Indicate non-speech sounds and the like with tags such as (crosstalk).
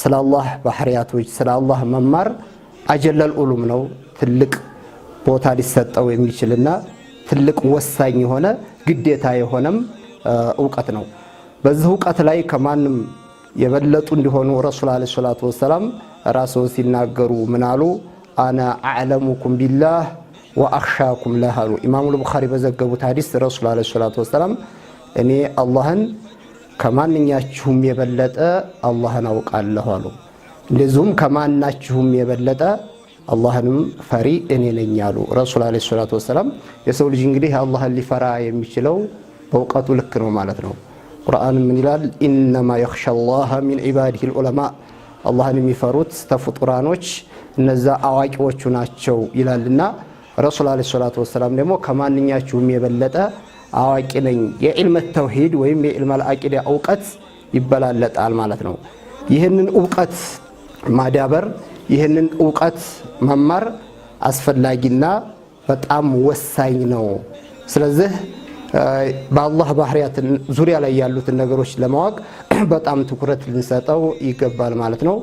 ስለ አላህ ባህርያቶች ስለ አላህ መማር አጀለል ኡሉም ነው። ትልቅ ቦታ ሊሰጠው የሚችልና ትልቅ ወሳኝ የሆነ ግዴታ የሆነም እውቀት ነው። በዚህ እውቀት ላይ ከማንም የበለጡ እንዲሆኑ ረሱል አለ ሰላቱ ወሰላም ራስዎ ሲናገሩ ምናሉ አነ አዕለሙኩም ቢላህ ወአክሻኩም ለህ አሉ። ኢማሙ ልቡኻሪ በዘገቡት ሀዲስ ረሱል አለ ሰላቱ ወሰላም እኔ አላህን ከማንኛችሁም የበለጠ አላህን አውቃለሁ አሉ። እንደዚሁም ከማናችሁም የበለጠ አላህንም ፈሪ እኔ ነኝ አሉ ረሱል ዓለይሂ ሰላቱ ወሰላም። የሰው ልጅ እንግዲህ አላህን ሊፈራ የሚችለው በእውቀቱ ልክ ነው ማለት ነው። ቁርአን ምን ይላል? ኢነማ የኽሻ አላህ ሚን ዒባዲህ ልዑለማ፣ አላህን የሚፈሩት ተፍጡራኖች እነዛ አዋቂዎቹ ናቸው ይላልና ረሱል ዓለይሂ ሰላቱ ወሰላም ደግሞ ከማንኛችሁም የበለጠ አዋቂ ነኝ። የዕልመ ተውሂድ ወይም የዕልመ አቂዳ እውቀት ይበላለጣል ማለት ነው። ይህንን እውቀት ማዳበር ይህንን እውቀት መማር አስፈላጊና በጣም ወሳኝ ነው። ስለዚህ በአላህ ባህርያት ዙሪያ ላይ ያሉትን ነገሮች ለማወቅ (clears throat) በጣም ትኩረት ልንሰጠው ይገባል ማለት ነው።